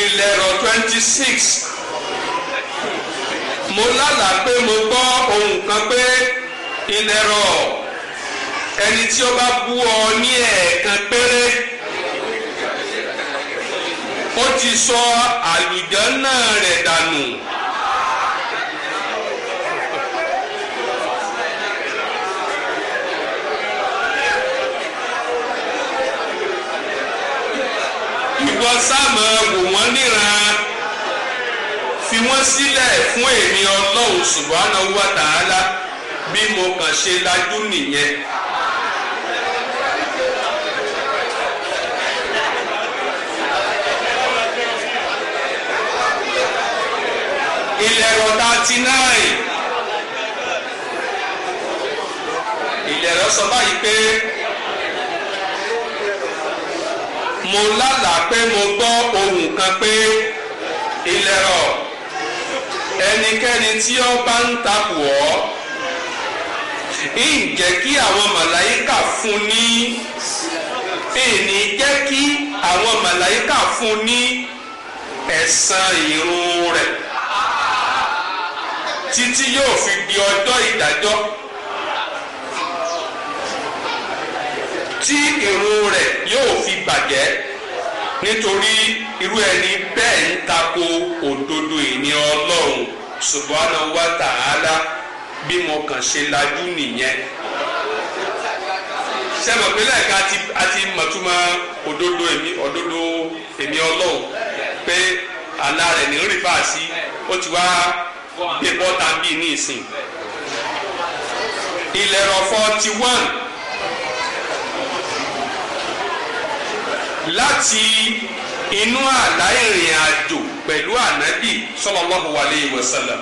ìlẹ̀rọ̀ twenty six mo lálàá pé mo gbọ́ ohun kan pé ìlẹ̀rọ̀ ẹni tí ó bá bú ọ ní ẹ̀ẹ̀kan péré ó ti sọ àlùjọ náà rẹ̀ dànù. ìwọ sáàmù wò wọ́n níran fi wọ́n sílẹ̀ fún èmi ọlọ́run subhanahu wa ta'ala bí mo kàn ṣe lajú nìyẹn. ìlẹ̀rọ thirty nine ìlẹ̀rọ sọ báyìí pé. mo lálàá pé mo gbọ́ ohùn kan pé ilẹ̀ rọ̀ ẹnikẹ́ni tí ó bá ń takò ọ́ ń jẹ́ kí àwọn màláyíkà fún ní èèní jẹ́ kí àwọn màláyíkà fún ní ẹ̀san ìrun rẹ̀ títí yóò fi di ọjọ́ ìdájọ́. tí ìrun rẹ yóò fi bàjẹ́ nítorí irú ẹni bẹ́ẹ̀ ń tako òdodo ìní ọlọ́run subhanahu wa ta'ala bí mo kàn ṣe lajú nìyẹn sẹ́mọ̀ pé lẹ́ẹ̀ka àti mọ̀túmọ̀ òdodo èmi òdodo èmi ọlọ́run pé àlá rẹ̀ ní rí sí ó ti wá gbé bọ́ta bíi ní ìsìn. ti wọ́n. láti inú àlá ìrìn àjò pẹ̀lú ànábì sallallahu alayhi wa sallam.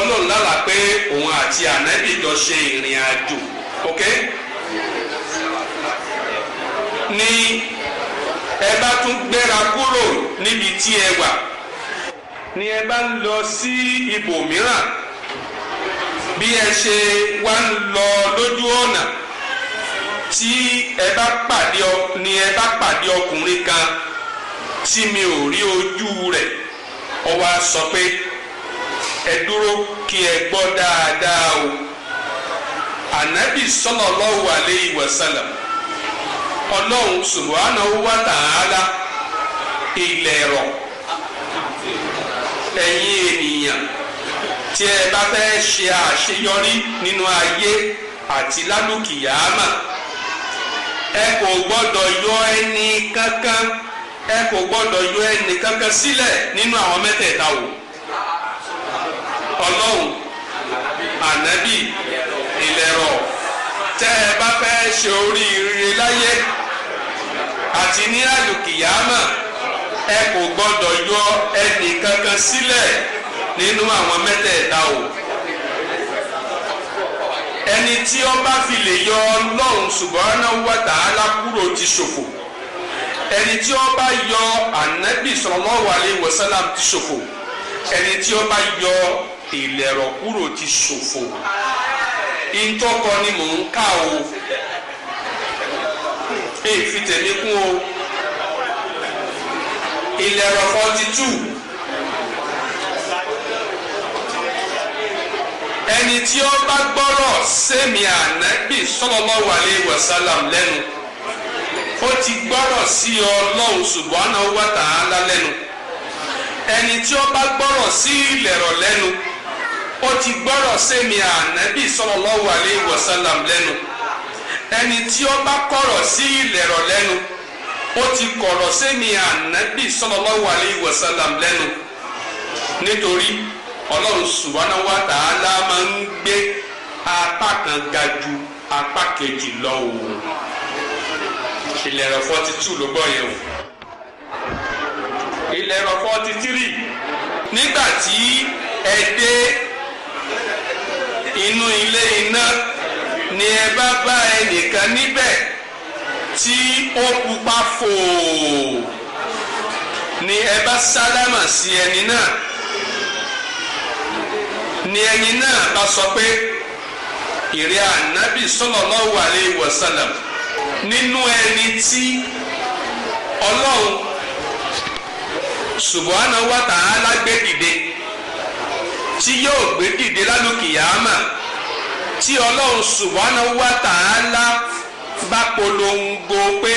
ọlọ́run lára pé òun àti ànábì jọ ṣe ìrìn àjò ok ní ẹ bá tún gbéra kúrò níbi tí ẹ wà ní ẹ bá lọ sí ibòmíràn bí ẹ ṣe wá ń lọ lójú ọ̀nà tí ẹ bá pàdé ọ ni ẹ bá pàdé ọkùnrin kan tí mi ò rí ojú rẹ̀ ó wá sọ pé ẹ dúró kí ẹ gbọ́ dáadáa o ànábì sallallahu alayhi wa sallam ọlọ́run subhanahu wa ta'ala ilẹ̀ rọ̀ ẹ̀yin ènìyàn tí ẹ bá fẹ́ ṣe àṣeyọrí nínú ayé àti lálùkìyàmà ẹ kò gbọ́dọ̀ yọ ẹni kankan ẹ kò gbọ́dọ̀ yọ ẹni kankan sílẹ̀ nínú àwọn mẹ́tẹ̀ẹ̀ta wò ọlọ́run ànábì ìlẹ̀rọ̀ tẹ́ ẹ bá fẹ́ ṣe oríire láyé àti ní àlùkìyàmà ẹ kò gbọ́dọ̀ yọ ẹni kankan sílẹ̀ nínú àwọn mẹ́tẹ̀ẹ̀ta o ẹni tí ó bá fi lè yọ ọlọ́run subhanahu wa ta'ala kúrò ti ṣòfò ẹni tí ó bá yọ ànábì sallallahu alaihi wasallam ti ṣòfò ẹni tí ó bá yọ ìlẹ̀rọ̀ kúrò ti ṣòfò ìtọ́kọ ni mò ń kà o èyí fi tẹ̀mí kún o ìlẹ̀rọ̀ forty two. ẹni tí ó bá gbọ́rọ̀ sẹ́mi ànábì sallallahu alaihi wasallam lẹ́nu ó ti gbọ́rọ̀ sí Ọlọ́run subhanahu wa ta'ala lẹ́nu ẹni tí ó bá gbọ́rọ̀ sí ìlẹ̀rọ̀ lẹ́nu ó ti gbọ́rọ̀ sẹ́mi ànábì sallallahu alaihi wasallam lẹ́nu ẹni tí ó bá kọ̀rọ̀ sí ìlẹ̀rọ̀ lẹ́nu ó ti kọ̀rọ̀ sẹ́mi ànábì sallallahu alaihi wasallam lẹ́nu nítorí ọlọ́run subhanahu wa ta'ala máa ń gbé apá kan ga ju apá kejì lọ o ìlẹ̀rọ̀ forty two ló gbọ́ yẹn o ìlẹ̀rọ̀ forty three nígbà tí ẹ dé inú ilé iná ni ẹ bá bá ẹnìkan níbẹ̀ tí ó pupa fòó ni ẹ bá sálámà sí ẹni náà ni ẹni náà bá sọ pé ìrẹ́ ànábì sallallahu alaihi wasallam nínú ẹni tí ọlọ́run subhanahu wa ta'ala gbé dìde tí yóò gbé dìde lálùkìyàmà tí ọlọ́run subhanahu wa ta'ala bá polongo pé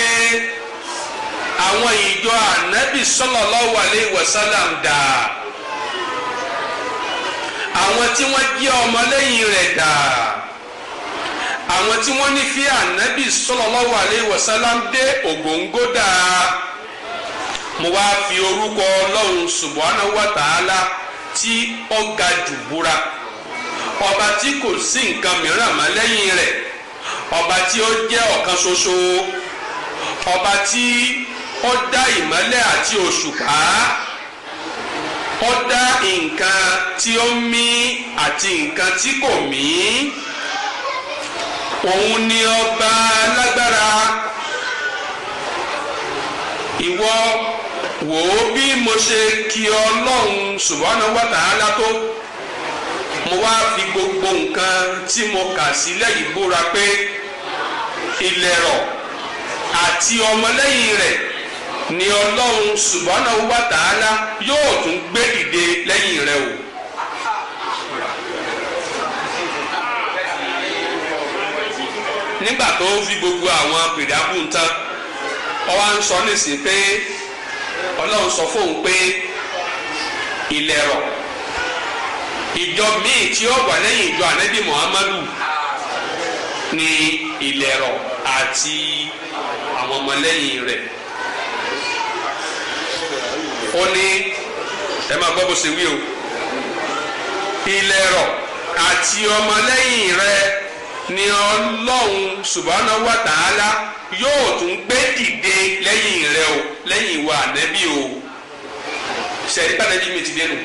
àwọn ìjọ ànábì sallallahu alaihi wasallam dáa àwọn tí wọ́n jẹ́ ọmọlẹ́yìn rẹ̀ dà àwọn tí wọ́n ní fi ànábì sallallahu alaihi wasallam dé ògóńgó dà mo wá fi orúkọ ọlọ́run subhanahu wa ta'ala tí ó ga jù búra ọba tí kò sí nǹkan mìíràn mọ́ lẹ́yìn rẹ̀ ọba tí ó jẹ́ ọ̀kan ṣoṣo ọba tí ó dá ìmọ́lẹ̀ àti òṣùpá ó dá nǹkan tí ó mí àti nǹkan tí kò mí òun ni ọba lágbára ìwọ wò ó bí mo ṣe kí ọlọ́run subhanahu wa ta'ala tó mo wá fi gbogbo nǹkan tí mo kà sílẹ̀ yìí búra pé ilẹ̀ àti ọmọlẹ́yìn rẹ̀ ni ọlọ́run subhanahu wa ta'ala yóò tún gbé dìde lẹ́yìn rẹ o. nígbà tó fi gbogbo àwọn pèrèàbù tán ọwọ́ à ń sọ nísìnyí pé ọlọ́run sọ fóun pé ìlẹ̀rọ̀ ìjọ míì tí ó wà lẹ́yìn ìjọ ànábì muhammadu ni ìlẹ̀rọ̀ àti àwọn ọmọlẹ́yìn rẹ̀. ó ní ẹ máa gbọ́ bó ṣe wí o ilẹ̀rọ̀ àti ọmọlẹ́yìn rẹ ni ọlọ́run subhanahu wa ta'ala yóò tún gbé dìde lẹ́yìn rẹ o lẹ́yìn wa ànẹ́bí o sẹ̀rí pàtàkì mi ti dé nù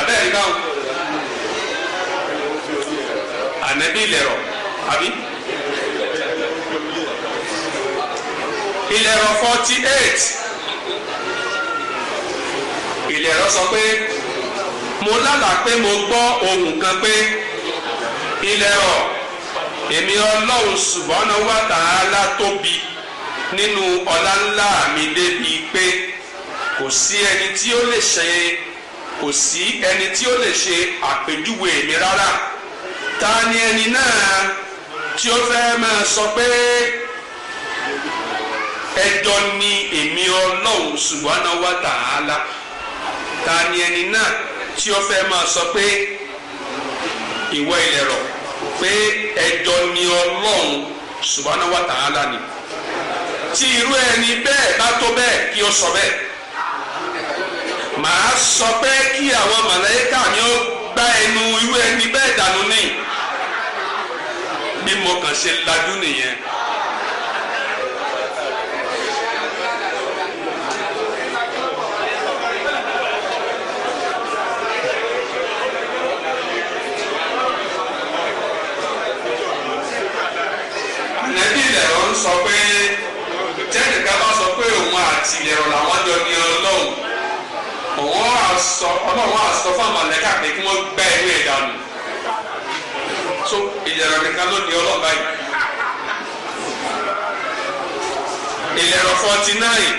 abẹ́rẹ́ báwọn ànẹ́bí ilẹ̀rọ̀ àbí. ilẹ̀rọ̀ forty eight ìpìlẹ̀ ẹ̀rọ sọ pé mo lálàá pé mo gbọ́ ohùn kan pé ilẹ̀ ọ̀ èmi ọlọ́run subhanahu wa ta'ala tóbi nínú ọlá ńlá mi débi pé kò sí ẹni tí ó lè ṣe kò sí ẹni tí ó lè ṣe àpèjúwe mi rárá ta ni ẹni náà tí ó fẹ́ máa sọ pé ẹjọ́ ni èmi ọlọ́run subhanahu wa ta'ala ta ni ẹni náà tí ó fẹ́ máa sọ pé ìwọ ilẹ̀ rọ̀ pé ẹjọ́ ni ọlọ́run subhanahu wa ta'ala ni tí irú ẹni bẹ́ẹ̀ bá tó bẹ́ẹ̀ kí ó sọ bẹ́ẹ̀ màá sọ pé kí àwọn màláíkà ni ó gbá ẹnu irú ẹni bẹ́ẹ̀ dànù ní bí mo kàn ṣe lajú nìyẹn. ń sọ pé tẹ́nìkan bá sọ pé òun àti ìlẹ̀rọ làwọn jọ ní ọlọ́run òun á sọ ọlọ́run á sọ fún àmàlẹ́kà pé kí wọ́n gbá ẹ̀rú ẹ̀ dànù so ìlẹ̀rọ nìkan ló ní ọlọ́run báyìí ìlẹ̀rọ forty nine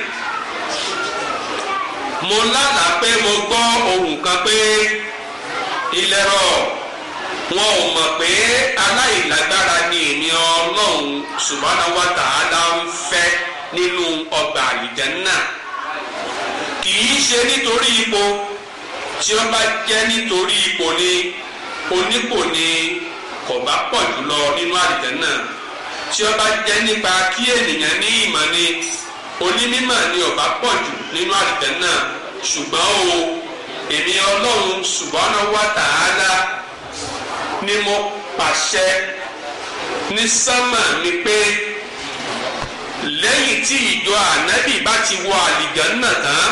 mo lánàá pé mo gbọ́ ohùn kan pé ìlẹ̀rọ wọn ò mọ̀ pé aláìlágbára ni èmi ọlọ́run subhanahu wa ta'ala ń fẹ́ nínú ọgbà àlìjánná kì í ṣe nítorí ipò tí ó bá jẹ́ nítorí ipò ni onípò ni kò bá pọ̀ jùlọ nínú àlìjánná tí ó bá jẹ́ nípa kí ènìyàn ní ìmọ̀ ni onímọ̀ ni ó bá pọ̀ jù nínú àlìjánná ṣùgbọ́n o èmi ọlọ́run subhanahu wa ni mo pàṣẹ ní sámà ni pé lẹ́yìn tí ìjọ ànábì bá ti wọ àlìjánná tán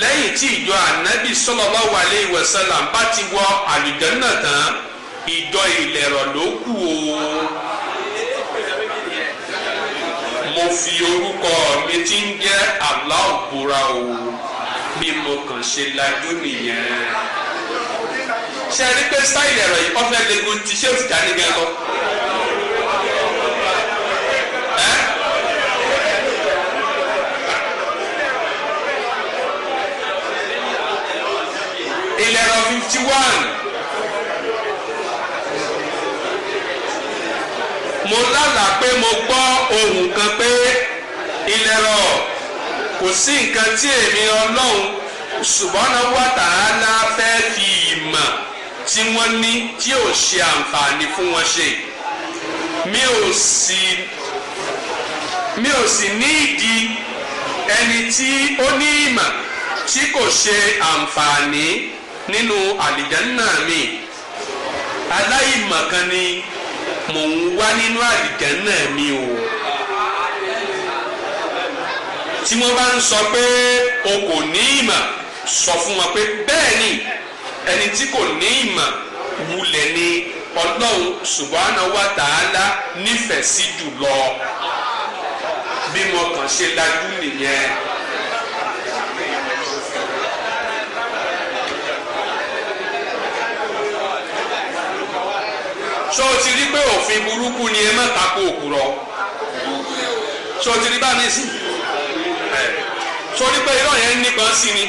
lẹ́yìn tí ìjọ ànábì sallallahu alaihi wasallam bá ti wọ àlìjánná tán ìjọ ìlẹ̀rọ̀ ló kù o. mo fi orúkọ mi ti ń jẹ́ Allah búra o bí mo kàn ṣe lajú nìyẹn ṣe rí pé sáìlì ẹ̀rọ yìí ọ̀fẹ́ legun ti ṣé òtítà ní gan lọ. ìlẹ̀rọ fifty one mo lálàá pé mo gbọ́ ohùn kan pé ìlẹ̀rọ kò sí nǹkan tí èmi ọlọ́run subhanahu wa ta'ala fẹ́ fi ìmọ̀ tí wọ́n ní tí ò ṣe àǹfààní fún wọn ṣe mi ò sì mi ò sì ní ìdí ẹni tí ó ní ìmọ̀ tí kò ṣe àǹfààní nínú àlìjánná mi aláìmọ̀kan ni mò ń wá nínú àlìjánná mi o tí wọ́n bá ń sọ pé o kò ní ìmọ̀ sọ fún wọn pé bẹ́ẹ̀ ni ẹni tí kò ní ìmọ̀ wulẹ̀ ni ọlọ́run subhanahu wa ta'ala nífẹ̀ẹ́ sí jùlọ bí mo kàn ṣe lajú nìyẹn. so ti rí pé òfin burúkú ni ẹ má tako òkúrọ so o ti rí bá mi sí so o rí pé irọ́ yẹn nípa sí ni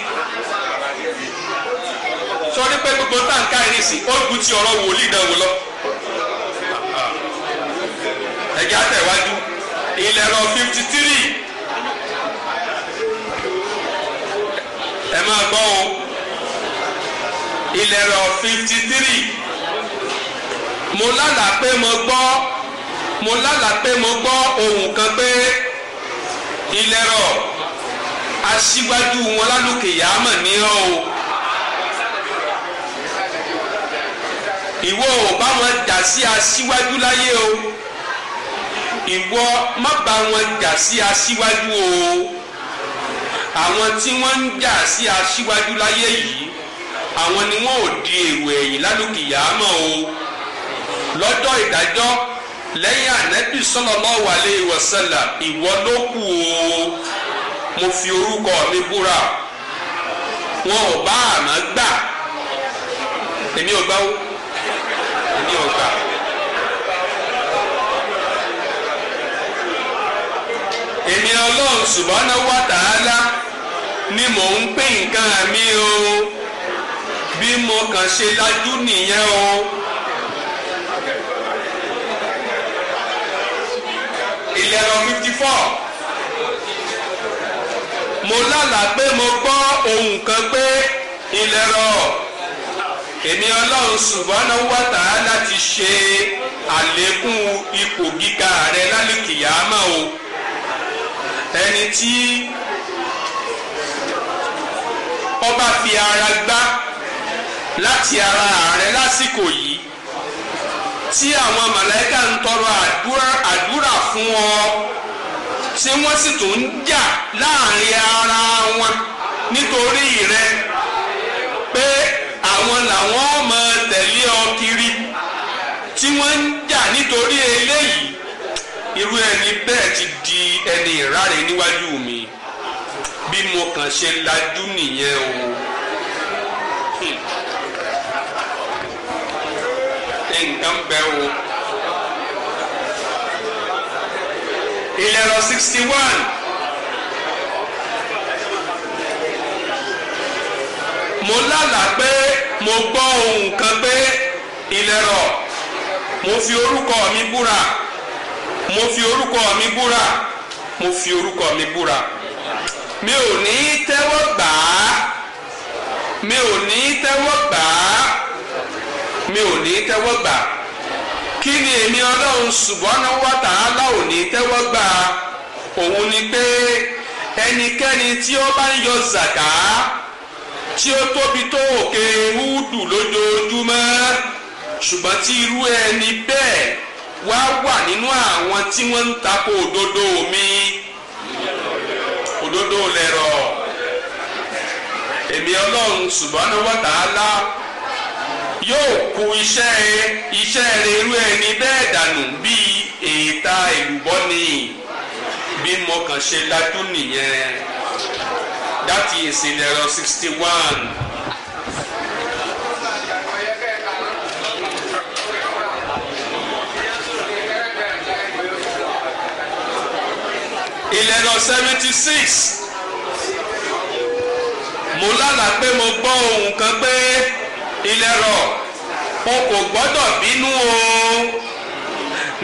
sọrí pé gbogbo táǹkà yìí sì ó ju ti ọ̀rọ̀ wòlíì náà wò lọ. ẹ̀jẹ̀ àtẹ̀wájú ilẹ̀ rọ fifty three ẹ máa gbọ́ o ilẹ̀ rọ fifty three mo lálàá pé mo gbọ́ mo lálàá pé mo gbọ́ ohun kan pé ilẹ̀ rọ aṣíwájú wọn lálùkè yàámọ̀ ní ọ́ o. ìwọ ò bá wọn jà sí aṣíwájú láyé o ìwọ má bá wọn jà sí aṣíwájú o àwọn tí wọ́n ń jà sí aṣíwájú láyé yìí àwọn ni wọn ò di èrò ẹ̀yìn lálùkìyàmọ o lọ́jọ́ ìdájọ́ lẹ́yìn ànẹ́bí sallallahu alayhi wa sallam ìwọ ló kù o mo fi orúkọ mi búra wọn ò bá àmọ́ gbà èmi ò gbà o mi ò èmi ọlọ́run subhanahu wa ta'ala ni mò ń pè nǹkan mi o bí mo kàn ṣe dájú nìyẹn o. ìlẹ̀rọ fifty four mo lálàá pé mo gbọ́ ohun kan pé ìlẹ̀rọ èmi ọlọ́run subhanahu wa ta'ala ti ṣe àlékún ipò gíga rẹ lálùkìyàmà o ẹni tí ọba fi ara gbá láti ara ààrẹ lásìkò yìí tí àwọn màláíkà ń tọrọ àdúrà fún ọ tí wọ́n sì tún ń jà láàrin ara wọn nítorí rẹ pé àwọn làwọn máa tẹ̀lé ọ kiri tí wọ́n ń jà nítorí eléyìí irú ẹni bẹ́ẹ̀ ti di ẹni ìráre níwájú mi bí mo kàn ṣe lajú nìyẹn o. nǹkan bẹ́ẹ̀ o. ìlẹ̀rọ sixty one. mo lálàá pé mo gbọ́ ohun kan pé ilẹ̀ rọ̀ mo fi orúkọ mi búra mo fi orúkọ mi búra mo fi orúkọ mi búra mi ò ní tẹ́wọ́ gbà á mi ò ní tẹ́wọ́ gbà á mi ò ní tẹ́wọ́ gbà á kí ni èmi ọlọ́run subhanahu wa ta'ala ò ní tẹ́wọ́ gbà á òun ni pé ẹnikẹ́ni tí ó bá ń yọ zàkà á tí ó tóbi tó òkè húdù lójoojúmọ́ ṣùgbọ́n tí irú ẹni bẹ́ẹ̀ wá wà nínú àwọn tí wọ́n ń tako òdodo mi òdodo lẹ̀rọ̀ èmi ọlọ́run subhanahu wa ta'ala yóò kù iṣẹ́ iṣẹ́ rẹ irú ẹni bẹ́ẹ̀ dànù bíi èèta ìlúbọ́ni bí mo kàn ṣe dájú nìyẹn that is in ẹ̀rọ sixty one. ìlẹ̀rọ seventy six mo lálà pé mo gbọ́ ohun kan pé ìlẹ̀rọ o kò gbọ́dọ̀ bínú o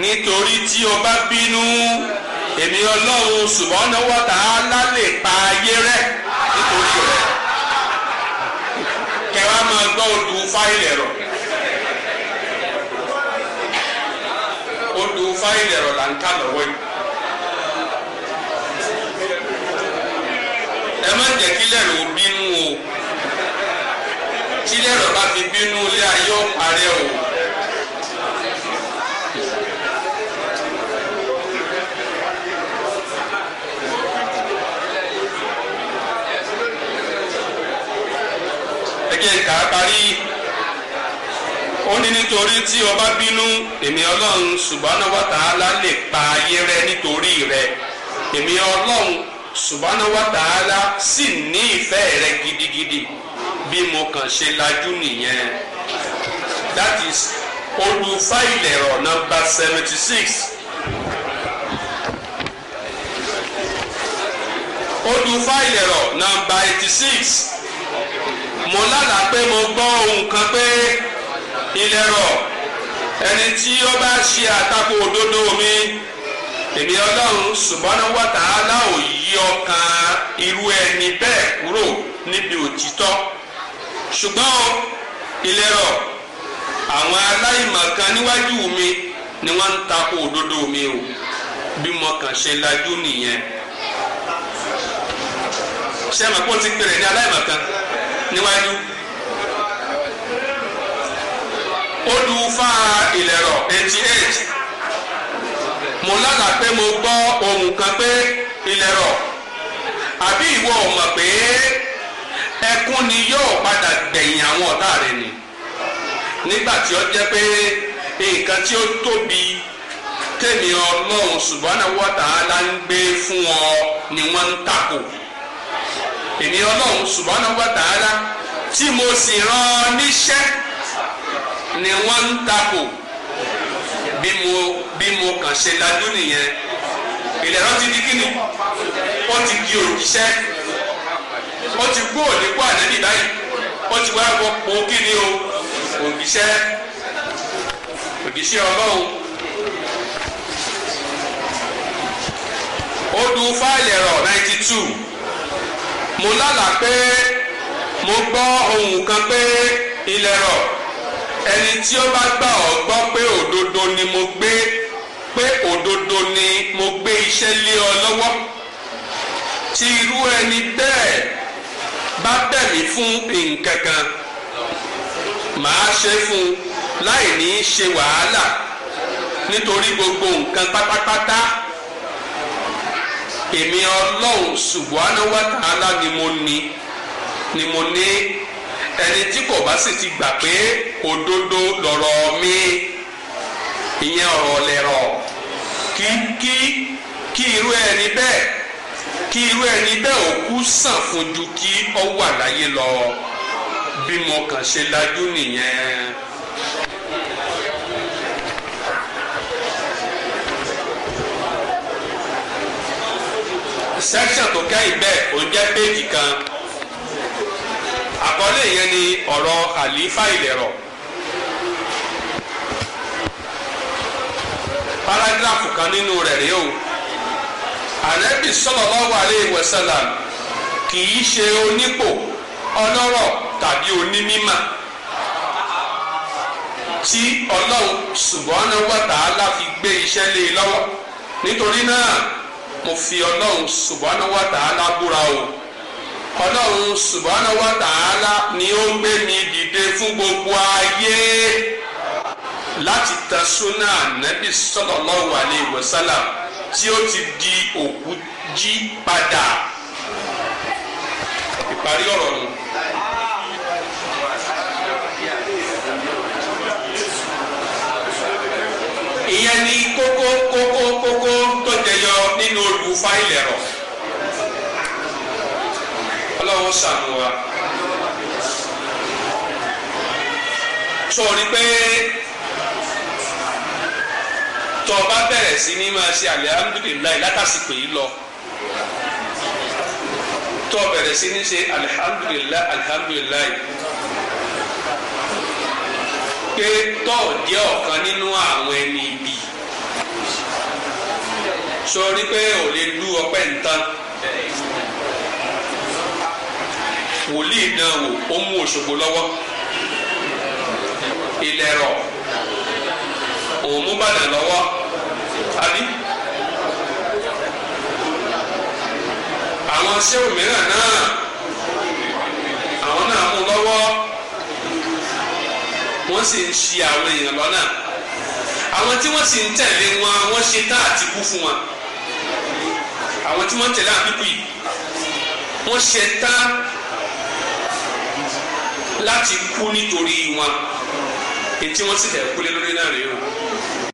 nítorí tí o bá bínú èmi ọlọ́run subhanahu wa ta'ala lè pa ayé rẹ́ ipò ṣòro kẹwàá máa gbọ́ odò fáìlì ẹ̀rọ odò fáìlì ẹ̀rọ là ń ká lọ́wọ́ yìí. ẹ má jẹ́ kí lẹ́rọ bínú o tí lẹ́rọ bá fi bínú ilé ayé ó o. parí ó ní nítorí tí o bínú èmi ọlọ́run subhanahu wa ta'ala lè pa ayé rẹ nítorí rẹ èmi ọlọ́run subhanahu wa ta'ala sì ní ìfẹ́ rẹ gidigidi bí mo kàn ṣe lajú nìyẹn that is olùfáìlẹ̀ ọ̀rọ̀ nọ́mbà seventy six. olùfáìlẹ̀ ọ̀rọ̀ nọ́mbà eighty six mo lálàá pé mo gbọ́ ohun kan pé ilẹ̀ rọ̀ ẹni tí ó bá ṣe àtakò òdodo mi èmi ọlọ́run subhanahu wa ta'ala ò yí ọkàn irú ẹni bẹ́ẹ̀ kúrò níbi òtítọ́ ṣùgbọ́n ilẹ̀ rọ̀ àwọn aláìmọ̀kan níwájú mi ni wọ́n ń takò òdodo mi o bí mo kàn ṣe lajú nìyẹn ṣé ẹ mọ̀ pé ó ti pèrè ní aláìmọ̀kan níwájú olùfà ìlẹ̀rọ̀ eighty eight mo lálàá pé mo gbọ́ ohun kan pé ìlẹ̀rọ̀ àbí ìwọ ò mọ̀ pé ẹkún ni yóò padà gbẹ̀yìn àwọn ọ̀tá rẹ̀ ni nígbà tí ó jẹ́ pé nǹkan tí ó tóbi tèmi Ọlọ́run subhanahu wa ta'ala ń gbé fún ọ ni wọ́n ń takò èmi ọlọ́run subhanahu wa ta'ala tí mo sì rán níṣẹ́ ni wọ́n ń takò bí mo bí mo kàn ṣe lajú nìyẹn ìlẹ̀rọ ti di kíni ó ti di òjíṣẹ́ ó ti gbó òdìpọ̀ ànábì báyìí ó ti wá wọ po kíni o òjíṣẹ́ òjíṣẹ́ ọlọ́run. ó du fáìlì ẹ̀rọ ninety two mo lálàá pé mo gbọ́ ohun kan pé ilẹ̀ rọ̀ ẹni tí ó bá gbà ọ́ gbọ́ pé òdodo ni mo gbé pé òdodo ni mo gbé iṣẹ́ lé ọ lọ́wọ́ tí irú ẹni bẹ́ẹ̀ bá bẹ̀ mí fún nǹkan kan màá ṣe fún un láì ní í ṣe wàhálà nítorí gbogbo nǹkan pátápátá èmi ọlọ́run subhanahu wa ta'ala ni mo ní ni mo ní ẹni tí kò bá sì ti gbà pé òdodo lọ̀rọ̀ mi ìyẹn ọ̀rọ̀ lẹ̀rọ̀ kí kí kí irú ẹni bẹ́ẹ̀ kí irú ẹni bẹ́ẹ̀ ò kú sàn fún ju kí ó wà láyé lọ bí mo kàn ṣe lajú nìyẹn section tó kẹ́yìn bẹ́ẹ̀ ó jẹ́ péjì kan àkọlé yẹn ni ọ̀rọ̀ àlífà ìlẹ̀rọ̀ paragraph kan nínú rẹ̀ rí o ànábì sallallahu alaihi wasallam kì í ṣe onípò ọlọ́rọ̀ tàbí onímímà tí ọlọ́run subhanahu wa ta'ala fi gbé iṣẹ́ lé e lọ́wọ́ nítorí náà mo fi ọlọ́run subhanahu wa ta'ala búra o ọlọ́run subhanahu wa ta'ala ni ó gbé mi dìde fún gbogbo ayé láti tan súnà nẹ́bí sallallahu alaihi wasallam tí ó ti di òkú jí padà ìparí ọ̀rọ̀ nù. ìyẹn ni kókó kókó kókó fáìlì ẹ̀rọ ọlọ́run ṣàánú wa sọ̀rí pé tó o bá bẹ̀rẹ̀ sí ní máa ṣe alihamudulilayi látàsìkò yìí lọ tó o bẹ̀rẹ̀ sí ní ṣe alihamudulilayi alihamudulilayi pé tó o jẹ́ ọ̀kan nínú àwọn ẹni ibi sọ rí pé ò lè lu ọpẹ́ nǹkan wòlíì náà wò ó mú Òṣogbo lọ́wọ́ Ìlẹ̀rọ̀ òun mú Ìbàdàn lọ́wọ́ àbí àwọn sẹ́wọ̀n mìíràn náà àwọn náà mú lọ́wọ́ wọ́n sì ń ṣi àwọn èèyàn lọ́nà àwọn tí wọ́n sì ń tẹ̀lé wọn wọ́n ṣe tá àti fún wọn àwọn tí wọ́n tẹ̀lé àbíkú yìí wọ́n ṣe tá láti kú nítorí wọn ètí wọ́n sì tẹ̀ kúlé lórí náà rèé o.